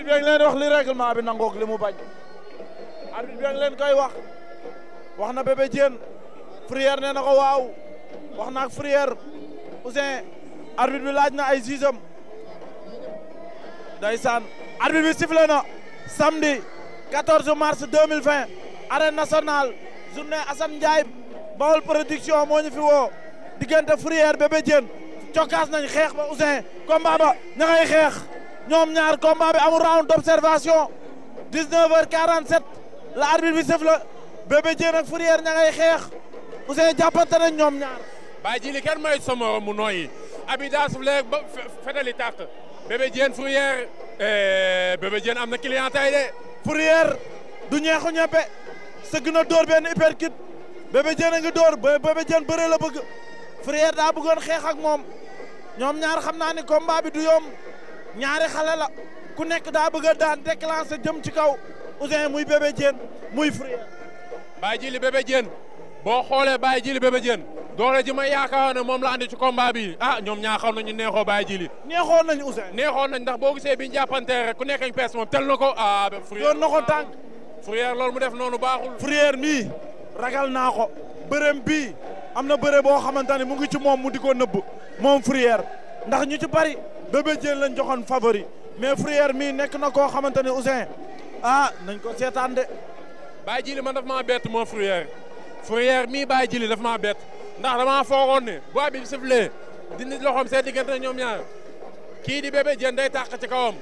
arbitre bi wax li règlement bi nangook li mu bañ arbitre bi leen koy wax wax na Bébé Diène Fourrière nee na ko waaw wax na ak Fourrière Ousseyn arbitre bi laaj na ay jugeam ndeysaan arbitre bi sifflé na samedi 14 mars 2020 arène nationale journée Assane Ndiaye Baol production moo ñu fi woo diggante Fourrière Bébé Diène cokkaas nañ xeex ba Ousseyn combat ba ña xeex ñoom ñaar combat bi amul round d'observation 19h47 la arbitre bi sëf la Bébé Diène ak Fourrière ña xeex Ousseyn jàppante nañ ñoom ñaar. bàyyi ji li kenn mooy sa morom mu nooyi Abida suuf léegi ba fetali tàkk Bébé eh, am na client tay de. Fourrière du ñeexu ñeppe sëgg dóor benn uppercut Bébé a ngi dóor ba Bébé Diène la bëgg Fourrière daa bëggoon xeex ak moom ñoom ñaar xam naa ni combat du yomb. ñaari xale la ku nekk daa bëgg a daan déclenché jëm ci kaw Ouzin muy Bébé Diène muy Fourrière. Baye Jili Bébé Diène boo xoolee Baye Jili Bébé Diène doole ji ma yaakaaroon ne moom la andi ci combat bi ah ñoom ñaa xaw ñu neexo Baye Jili. neexoon nañ Ouzin. neexoon nañ ndax boo gisee bi ñu jàppantee rek ku nekk añ pees moom tel na ko ah. Fourrière na ko tànk. Fourrière loolu mu def noonu baaxul. Fourrière mii ragal naa ko. bërëm bi am na bëre boo xamante ne mu ngi ci moom mu di nëbb moom Fourrière ndax ñu bari. Bébé Diène lañ joxoon favori mais Fourrière mii nekk na koo xamante ne Ousseyn ah nañ ko seetaan de. Baye Djili man daf maa bett moom Fourrière Fourrière mii Baye Djili daf maa bett ndax damaa foogoon ne bois bi siflee dindi loxoom seen diggante ñoom ñaar kii di Bébé Diène day tàq ci kawam.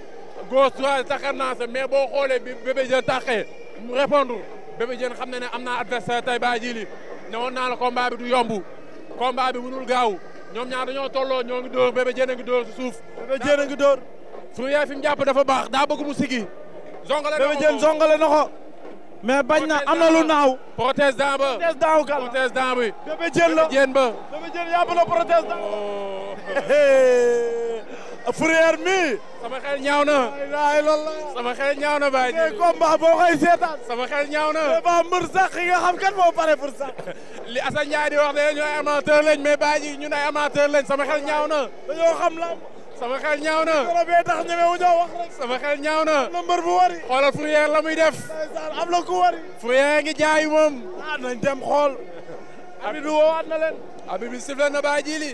gauche droite taxar naa sa mais boo xoolee bi Bébé Diène tàqee mu répondre Bébé Diène xam na ne am naa adversaire tey Baye Djili ne woon naa la combat bi du yomb combat bi mënul gaaw. ñoom ñaar dañoo ñoo ngi dóor bébé jéen a ngi dóor si suuf. bébé jéen ngi dóor. Fourrière fi mu jàpp dafa baax daa bëgg mu sigi. zongale na ko bébé jéen zongale na ko. mais bañ na am na lu naaw. protestant ba protestant gal protestant bi. bébé jéen la bébé jéen ba. bébé jéen yàpp frère mi. sama xel ñaaw na. waay sama xel ñaaw na baa ji. combat boo koy seetaan. sama xel ñaaw na. vraiment mbër sax yi nga xam li Assane Ndiaye di wax xam la. sama xel bee tax ñemee wu ñoo wax rek xoolal Fourrière la muy def am na ku wari Fourrière ngi jaay ah, nañ dem xool arbitre bi woowaat na leen arbitre bi sifle na baa jili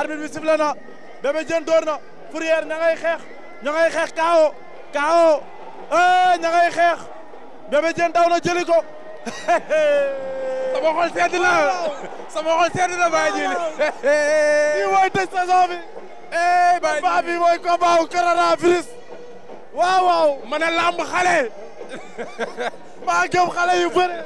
arbitre bi Bébé Diène door na Fourrière ña xeex ña ngay xeex kaawo kaawo eh ña ngay xeex Bébé daw na jëli ko. xol sedd na sama xol sedd na baa jëli. kii mooy tëj saison bi. eh baa combat bi waaw waaw ma ne xale. maa gëm xale yu bëri.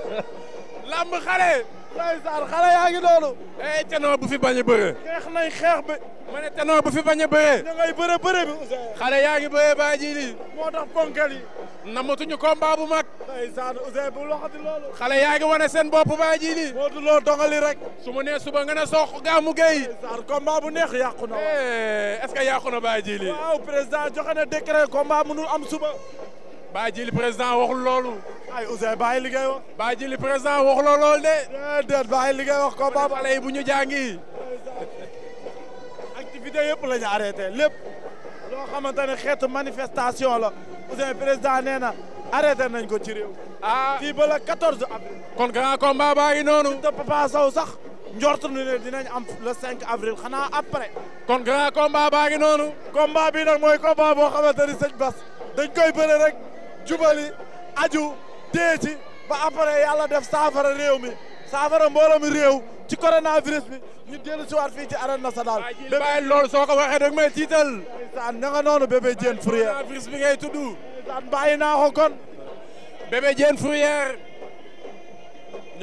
làmb xale. ndeysaan xale yaa ngi noonu eh tenoo bu fi bañ a xeex nañ xeex bi ma ne tenoo bu fi bañ a bëree da ngay bëre bi Ousseyn xale yaa ngi bëree baa ji lii moo tax ponkal yi namatuñu combat bu mag ndeysaan Ousseyn bu waxati loolu xale yaa ngi wane seen bopp baa ji lii moo duloo dogali rek su ma nee suba nga ne soq gaamu gay ndeysaan combat bu neex yàqu na eh, est que yàqu na baa ji lii waaw président joxe na décret combat mënul am suba baa ji président waxul loolu ay Ousseyn bàyyi li ngay wax. bàyyi ji li président la lool de. déedéet bàyyi li ngay wax ko ba xale bu ñu jàngi. activité yëpp la ñu arrêté lépp. loo xamante ne xeetu manifestation la Ousseyn président nee na nañ ko ci réew. ah fii ba la 14 avril. kon baa ngi noonu. te sax njort nu am le 5 avril xanaa après. kon grand baa ngi noonu. combat bi nag mooy combat boo xamante ni sëñ Bas dañ koy bëre rek jubali aju. téye ci ba après yàlla def saafara réew mi saafara mbooloo mi réew ci coronavirus bi ñu dellu si waat fii ci arène nationale. bàyyi loolu soo ko waxee dag may tiital. ndeysaan na noonu bébé Diène Fourrière. coronavirus bi ngay tudd. ko kon.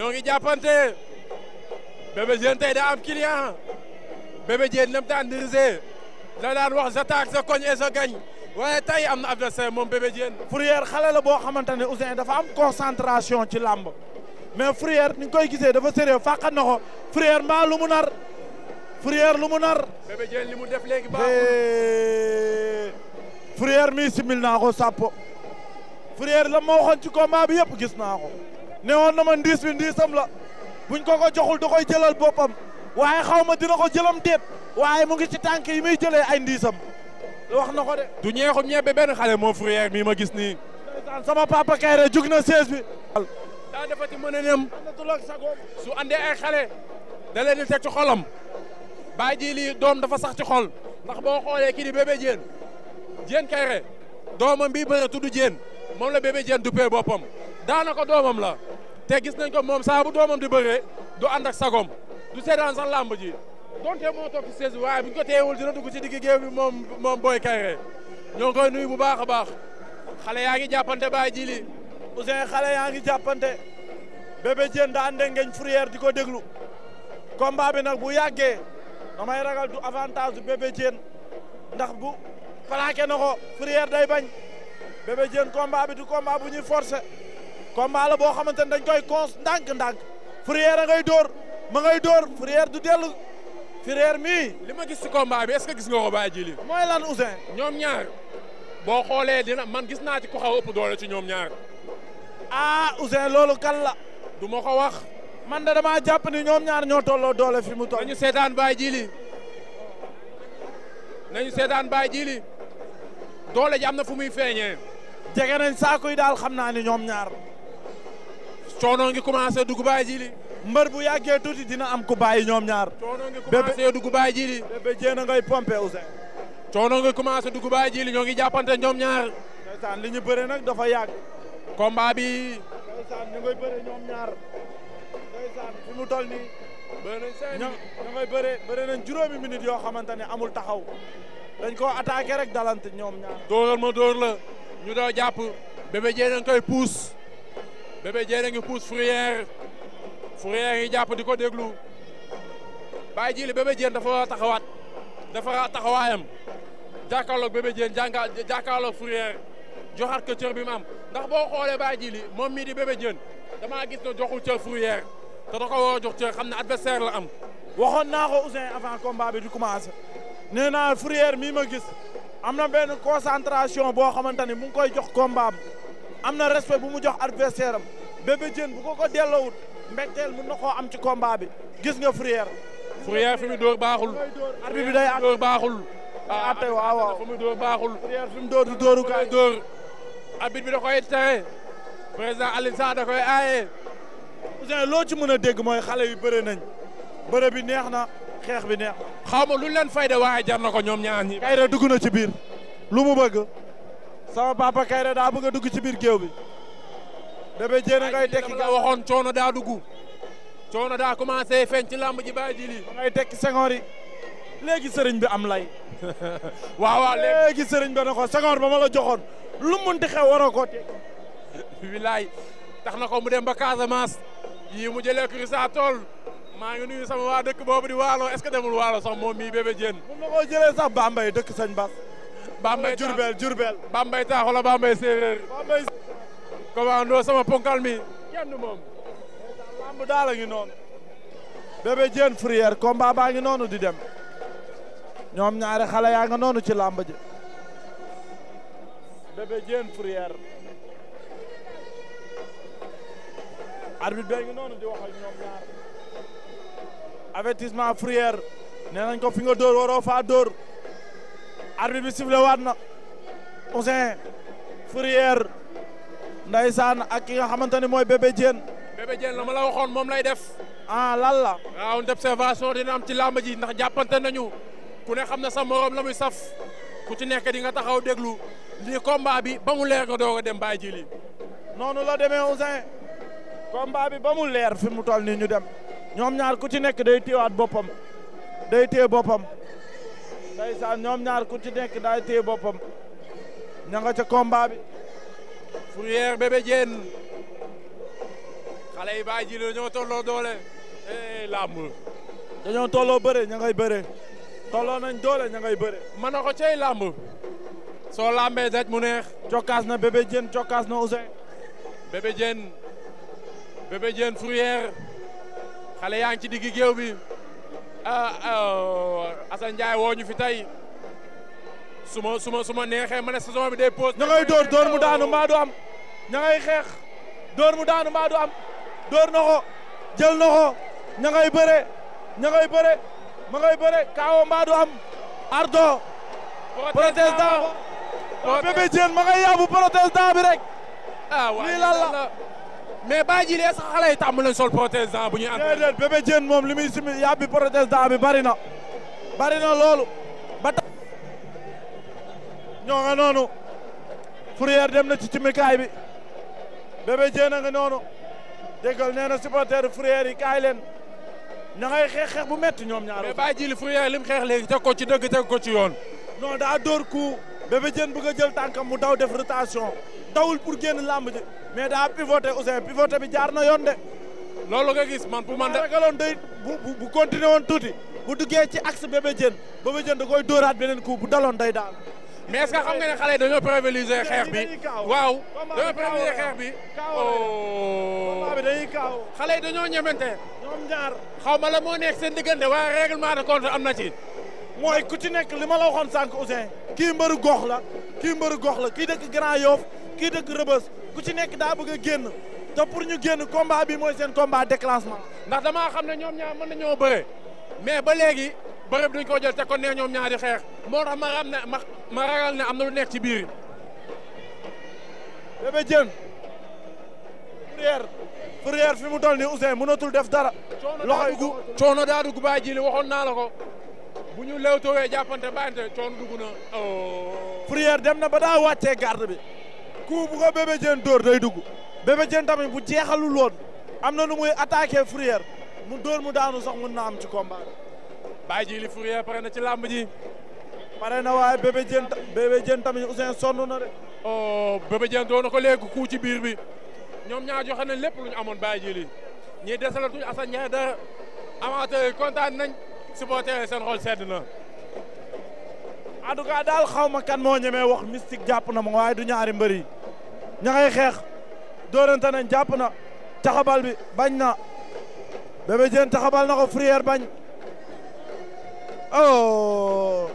ngi jàppante bébé Diène tey daa am client bébé Diène nam daan dirisé la daan wax sa koñ et sa gañ. waaye tey am na adversaire moom Bébé Diène Fourrière xale la boo xamante ne Ouzin dafa am concentration ci làmb mais Fourrière ni nga koy gisee dafa sérieux fàqat na ko mbaa lu mu nar Fourrière lu mu nar Bébé li mu def léegi baaxul Fourrière mi simil naa ko sàppo Fourrière la ma waxoon ci combat bi yëpp gis naa ko ne woon na ma ndiis bi ndiisam la buñ ko ko joxul da koy jëlal boppam waaye xawma ma dina ko jëlam déet waaye mu ngi ci tànk yi muy jëlee ay ndiisam wax na ko de. du ñeexum ñebe benn xale moo fourrière mi ma gis nii. sama papa Kayre jug na sees bi. daa defati mën a nem su andee ay xale. da leen di teg ci xolam. baa ji lii doom dafa sax ci xol. ndax boo xoolee kii di bébé Diène. Diène Kayre. doomam bii bëre tudd Diène. moom la bébé Diène duppee boppam. daanaka doomam la. te gis nañ ko moom saa bu doomam di bëree. du ànd ak sagom. du seetaan sax làmb ji. donte moo topp si 16 waaye bu ñu ko teewul dugg ci digg géew bi moom moom Boy Kaïré ñoo koy nuyu bu baax a baax xale yaa ngi jàppante Baye Djili Ousseyn xale yaa ngi jàppante Bébé Diène da ànde ngeñ Fourrière di ko déglu combat bi nag bu yàggee damay ragal du avantage du Bébé Diène ndax bu plaqué na ko Fourrière day bañ Bébé Diène combat bi du combat bu ñuy forcé combat la boo xamante ne dañ koy cons ndànk-ndànk Fourrière a ngay dóor ma ngay dóor Fourrière du dellu frère mi li ma gis si combat bi est-ce gis nga ko Baye Djili mooy lan Ousseyn ñoom ñaar boo xoolee dina man gis naa ci ko xaw ëpp doole ci ñoom ñaar ah Ousseyn loolu kan la du ma ko wax man de damaa jàpp ni ñoom ñaar ñoo tolloo doole fi mu toll nañu seetaan Baye Djili nañu seetaan Baye Djili doole ji am na fu muy feeñee jege nañ saako yi daal xam naa ni ñoom ñaar coono ngi commencé dugg Baye mbër bu yàggee tuuti dina am ku bàyyi ñoom ñaar. bébé dugg bàyyi ji li. bébé jéen a ngay pompé Ousseyn. coono nga commencé dugg bàyyi ji li ñoo ngi jàppante ñoom ñaar. ndeysaan li ñu bëre nag dafa yàgg. combat bi. ndeysaan ñu ngay bëre ñoom ñaar. ndeysaan fi mu toll nii. bëre nañ cinq minutes ñoo ngay bëre bëre nañ juróomi minutes yoo xamante ne amul taxaw. dañ koo attaqué rek dalante ñoom ñaar. dóoral ma dóor la ñu doo jàpp. bébé jéen a ngi koy pousse. bébé jéen a ngi pousse fourrière. Fourrière yi jàpp di ko déglu Baye Djily Bébé Diène dafa war a taxawaat dafa war a taxawaayam jàkkaarloog Bébé Diène jànga jàkkaarloog Fourrière joxaat ko bi mu am ndax boo xoolee Baye Djily moom mi di Bébé Diène damaa gis ne joxul cër Fourrière te da a jox cër xam ne adversaire la am. waxoon naa ko Ousseyn avant combat di commencé nee naa Fourrière mii ma gis am na benn concentration boo xamante ni mu ngi koy jox combat am am na respect bu mu jox adversaire am Bébé Diène bu ko ko mbégteel mën na am ci combat bi gis nga Fourrière. Fourrière fi mu dóor baaxul. a bi day àtte dóor baaxul. ah àtte ah, waaw waaw fi mu dóor baaxul. Fourrière fi mu du dóoru kaay dóor. arbitre bi da koy tere. président Alioune koy aaye. loo ci mën a dégg mooy xale yu bëre nañ bëre bi neex na xeex bi neex na. xaw ma lu leen fay de waaye jar na ko ñoom ñaar ñi. Kayra dugg na ci biir lu mu bëgg. sama papa Kayra daa bëgg a dugg ci biir géew bi. Bébé Diène ngay tekki nga waxoon coono daa dugg coono daa commencé feeñ ci làmb ji bàyyi ji tekki sengoor yi léegi sëriñ bi am lay waaw waaw léegi sëriñ bi ne ko sengoor ba ma la joxoon lu munti xew waroo koo tekki tax na ko mu dem ba Casamance yii mu jëlee kuri saa tool maa ngi nuyu sama waa dëkk boobu di waalo est-ce que demul waalo sax moom mii Bébé Diène mun na koo jëlee sax Bambey dëkk sëñ Bass Bambey Jurbel Jurbel Bambey taaxu la séeréer commando sama ponkal mi kenn moom lamb daal a ngi noonu bébé Diène baa ngi noonu di dem ñoom ñaari xale yaa nga noonu ci làmb ji bébé Diène Fourrière arbitre bee ngi noonu ñoom ñaar avertissement Fourrière nee nañ ko fi nga dóor waroo faa dóor arbitre bi sifflé waat na Ousseyn ndaysaan ak ki nga xamante ne mooy bébé Diène bébé Diène la ma la waxoon moom lay def ah lan la waaw ah, observation dina am ci làmb ji ndax jàppante nañu ku ne xam na sa morom la muy saf ku ci nekk di nga taxaw déglu lii combat bi ba mu leer nga doog a dem bàyyi ji lii noonu la demee Ouzin combat bi ba mu leer fi mu toll nii ñu dem ñoom ñaar ku ci nekk day téewaat boppam day téye boppam ndaysaan ñoom ñaar ku ci nekk day téye boppam ña nga ca combat bi Fourrière Bébé Diène xale yi bàyyi ji la ñoo doole eh làmb. dañoo tolloo bëre ña ngay bëre. tolloo nañ doole ña ngay bëre. mën na làmb. soo làmbee daj mu neex. jokkaas na Bébé Diène jokkaas na Ousseyn. Bébé Diène Bébé xale yaa ngi ci digg géew bi ah oh, Assane Ndiaye woo ñu fi suma suma su ma su ma neexee ma ne saison bi day pause. ña ngay dóor dóor mu daanu mbaa du am ña xeex dóor mu daanu mbaa du am dóor na jël na ko ña ngay bëre ña ngay bëre ma ngay bëre kaawo mbaa du am ardo protestant bébé Diène ma ngay yàbbu protestant bi rek ah waaw lii lan la mais baa ji lee sax xale yi tàmm leen sol protestant bu ñuy am déedéet bébé Diène moom li muy simi yàbbi protestant bi bari na bari na loolu ñoo nga noonu Fourrière dem na ci cimikaay bi Bébé Diène a nga noonu déggal nee na supporter Fourrière yi kaay leen ña ngay xeex xeex bu metti ñoom ñaar mais bàyyi jili Fourrière lim xeex leegi teg ko ci dëgg teg ko ci yoon non daa dóor ku Bébé Diène bëgg a jël tànkam mu daw def rotation dawul pour génn làmb ji mais daa pivoté Ousseyn pivoté bi jaar na yoon de loolu nga gis man pour man de ragaloon day bu bu continué woon tuuti bu duggee ci axe Bébé Diène Bébé Diène da koy dóoraat beneen coup bu daloon day daal mais est-ce que xam nga ne xale yi dañoo privilégié xeex bi waaw dañoo privilégié xeex bi oh. xale yi dañoo ñemente ñoom ñaar xaw ma la moo nekk seen diggante waaye règlement de compte am na ci mooy ku ci nekk li ma la waxoon sànq Ousseyn kii mbëru gox la kii mbëru gox la kii dëkk Grand Yoff kii dëkk Rëbës ku ci nekk daa bëgg a génn te pour ñu génn combat bi mooy seen combat déclassement ndax damaa xam ne ñoom ñaar mën na nañoo bëre mais ba léegi bërëb duñ ko jël te kon nee ñoom ñaari xeex moo tax ma xam ne ma ma ragal ne am na lu nekk ci biir. Bébé Diène. Fourrière Fourrière fi mu toll nii Ousseyn mënatul def dara. loxo yi gu coono daa dugg baa ji li waxoon naa la ko ñu lewtowee jàppante bàyyante coono dugg na. Oh. Fourrière dem na ba daa wàccee garde bi. ku bu ko Bébé dóor day dugg. Bébé Diène tamit bu jeexalul woon am na nu muy attaqué Fourrière mu dóor mu daanu sax mën na ci combat Baye Djili Fourier pare na ci làmb ji. pare na waaye bébé jën bébé jën tamit Ousseyn sonn na de. oh bébé ko léegi ku ci biir bi ñoom ñaar joxe nañ lépp amoon Baye Djili ñii desalatuñu Assane Ndiaye dara amateurs yi kontaan nañ supporter seen xol sedd na. en tout cas daal xaw kan moo ñemee wax mystique jàpp na ma waaye du ñaari mbër yi ña ngay xeex dóorante nañ jàpp na taxabal bi bañ na bébé jën taxabal na ko Fourier bañ. oh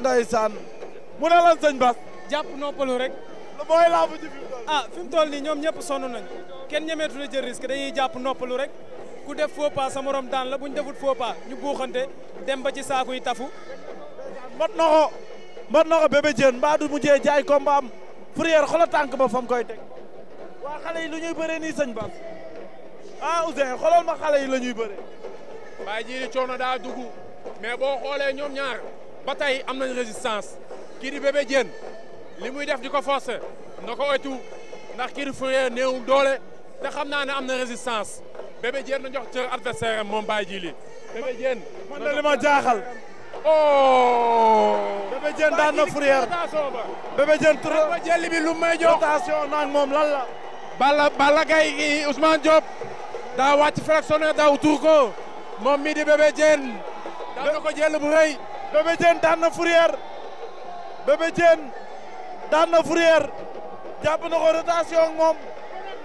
ndeysaan mu ne lan sëñ Bas. jàpp noppalu rek. mooy laabu ji fi mu ah, ñoom ñëpp sonn nañ kenn ñemeetu la jël risque dañuy jàpp noppalu rek ku def faux pas sa morom daan la bu ñu defut faux ñu buuxante dem ba ci saaku yi tafu. mot na ko mot na ko mbaa du mujjee jaay ko mbaam Fourrière xoolal tànk ba fam koy teg waa xale yi lu ñuy bëree sëñ Bas ah Ousseyn xoolal ma xale yi la ñuy bëree. waaye coono daa dugg. mais boo xoolee ñoom ñaar ba tey am na résistance kii di Bébé li muy def di ko forcer na ko oytu ndax néewul doole te xam naa ne am na résistance Bébé Diène na jox cër adversaire am moom Baye Djili Bébé Diène li ma jaaxal oh Bébé Diène daan na Fourrière Bébé bi lu may jox rotation naag moom lan la Balla Balla Gaye Ousmane Diop daa wàcc fractionné daw tur ko moom mi di Bébé daan na ko jël bu daan na Fourrière Bébé Diène daan na Fourrière jàpp na ko rotation ak moom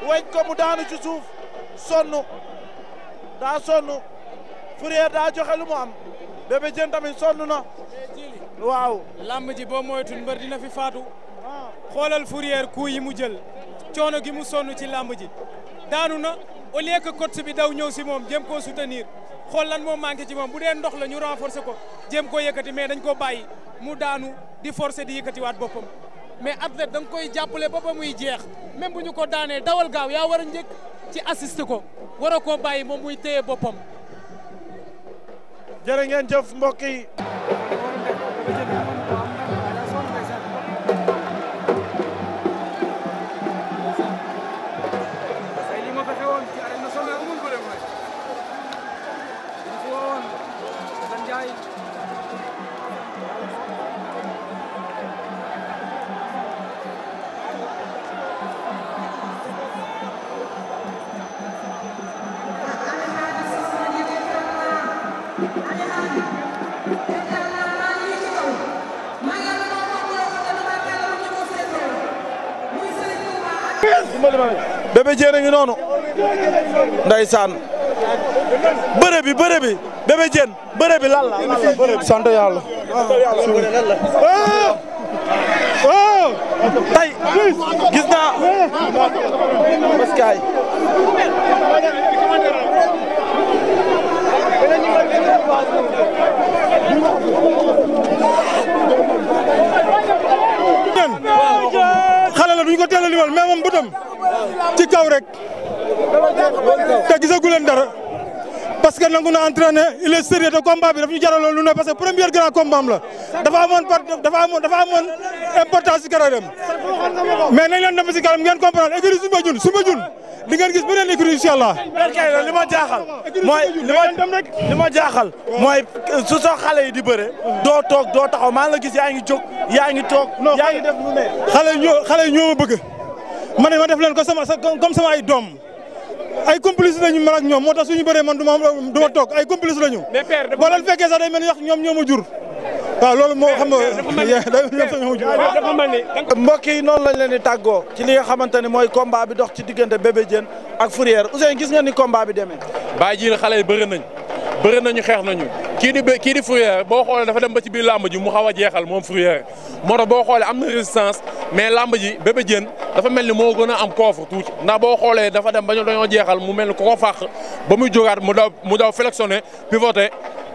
weñ ko mu daanu ci suuf sonn daa sonn Fourrière daa joxe lu mu am Bébé tamit sonn na waaw lamb boo moytul mbër dina fi faatu ah. xoolal Fourrière ku yi mu jël coono gi mu sonn ci lamb ji daanu na au lieu que coach bi daw ñëw si moom jéem koo soutenir xool lan moo manqué ci moom bu dee ndox la ñu renforcer ko jéem koo yëkkati mais dañ ko bàyyi mu daanu di forcer di yëkkatiwaat boppam. mais athlète da nga koy jàppale ba ba muy jeex même bu ñu ko daanee dawal gaaw yaa war a njëkk ci assiste ko war a koo bàyyi moom muy téye boppam. jërë jëf mbokk Bébé Diène a ngi noonu ndeysaan bëre bi bëre bi Bébé Diène bëre bi lan la sant yàlla oh! Oh! tay gis naa paskaay ñu ko teel a limal mais moom bëtam ci kaw rek te gisagu leen dara. parce que nangu na entraîné il est sérieux de combat bi daf ñu jaraloon lu ne parce que premier grand combat am la dafa amoon importance si dem mais nañ leen dem si kanam ngeen comprendre écurie suma jun suma ngeen gis beneen écurie incha allah. li li ma jaaxal. mooy su xale yi di bëre. doo toog doo taxaw maa la gis yaa ngi jóg yaa ngi toog. yaa ngi def lu ne. xale yi ñoo xale ma bëgg ma ne ma def leen ko sama comme sama ay doom. ay complice lañu man ak ñoom moo tax suñu bëree man du ma du ma toog ay complice lañu. mais père boo fekkee sax day mel ni wax ñoom ñoo jur. waaw loolu moo xam nga dafa mel ni mbokk yi noonu lañ leen di tàggoo ci li nga xamante ne mooy combat bi dox ci diggante Bébé Diène ak Fourrière Ousseyn gis nga ni combat bi demee. bàyyi xale yi bëri nañ bëri nañu xeex nañu kii di kii boo xoolee dafa dem ba ci biir làmb ji mu xaw a jeexal moom Fourrière moo tax boo xoolee am na résistance mais làmb ji Bébé Diène dafa mel ni moo gën a am coffre tuuti ndax boo xoolee dafa dem ba ñu dañoo jeexal mu mel ni ko ko fàq ba muy jógaat mu daw mu daw flexionné pivoté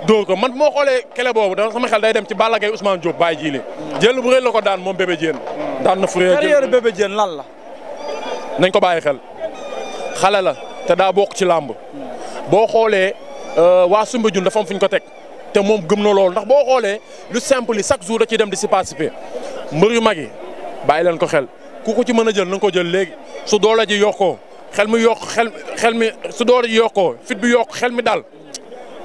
dóor ko man moo xoolee kele boobu dan sama xel day dem ci Balla Gaye Ousmane Diop bàyyi jiile jël bu rëy la ko daan moom Bébé Diène daan na Fourrière carrière Bébé Diène nañ ko bàyyi xel la te daa bokk ci làmb boo Euh, waa Soumbédioune dafa am fu ñu ko teg te moom gëm na loolu ndax boo xoolee lu simple yi chaque jour da ciy dem di si participer mbër yu mag yi bàyyi leen ko xel ku ko ci mën a jël na ko jël léegi su doole ji yokkoo xel mi yokk xel xel mi su doole ji yokkoo fit bi yokk xel mi daal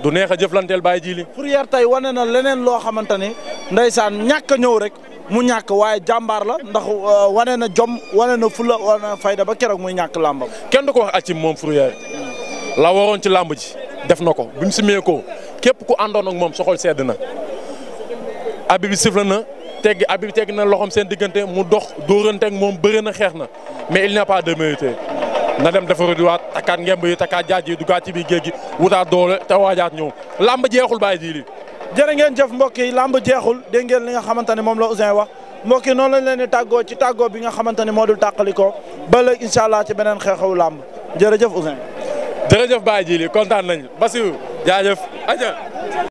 du neex a jëflanteel bàyyi ji li Fourrière tey wane na leneen loo xamante ne ndeysaan ñàkk ñëw rek mu ñàkk waaye jàmbaar la ndax euh, wane na jom wane na fula wane na fayda ba keroog muy ñàkk làmbam. kenn du ko wax acim moom Fourrière la waroon ci làmb ji. def na ko bu ñu simee ko képp ku àndoon ak moom soxol sedd na. abi bi sifla na tegg abi bi na loxoom seen diggante mu dox dóorante ak moom bëre na xeex na mais il n'a pas de mérite na dem defaru di waat takkaat ngemb yi takkaat jaaj yi duggaat ci biir géej gi wutaat doole te waajaat ñëw làmb jeexul baay ji li jërë ngeen jëf mbokk yi làmb jeexul dégg ngeen li nga xamante ne moom la Ousin wa mbokk yi noonu lañ leen di tàggoo ci tàggoo bi nga xamante ne moo dul tàqalikoo ba léegi incha allah ci beneen xeexewu làmb jërëjëf Ousin jërëjëf Baye Djili kontaan nañu Bassirou jaajëf aja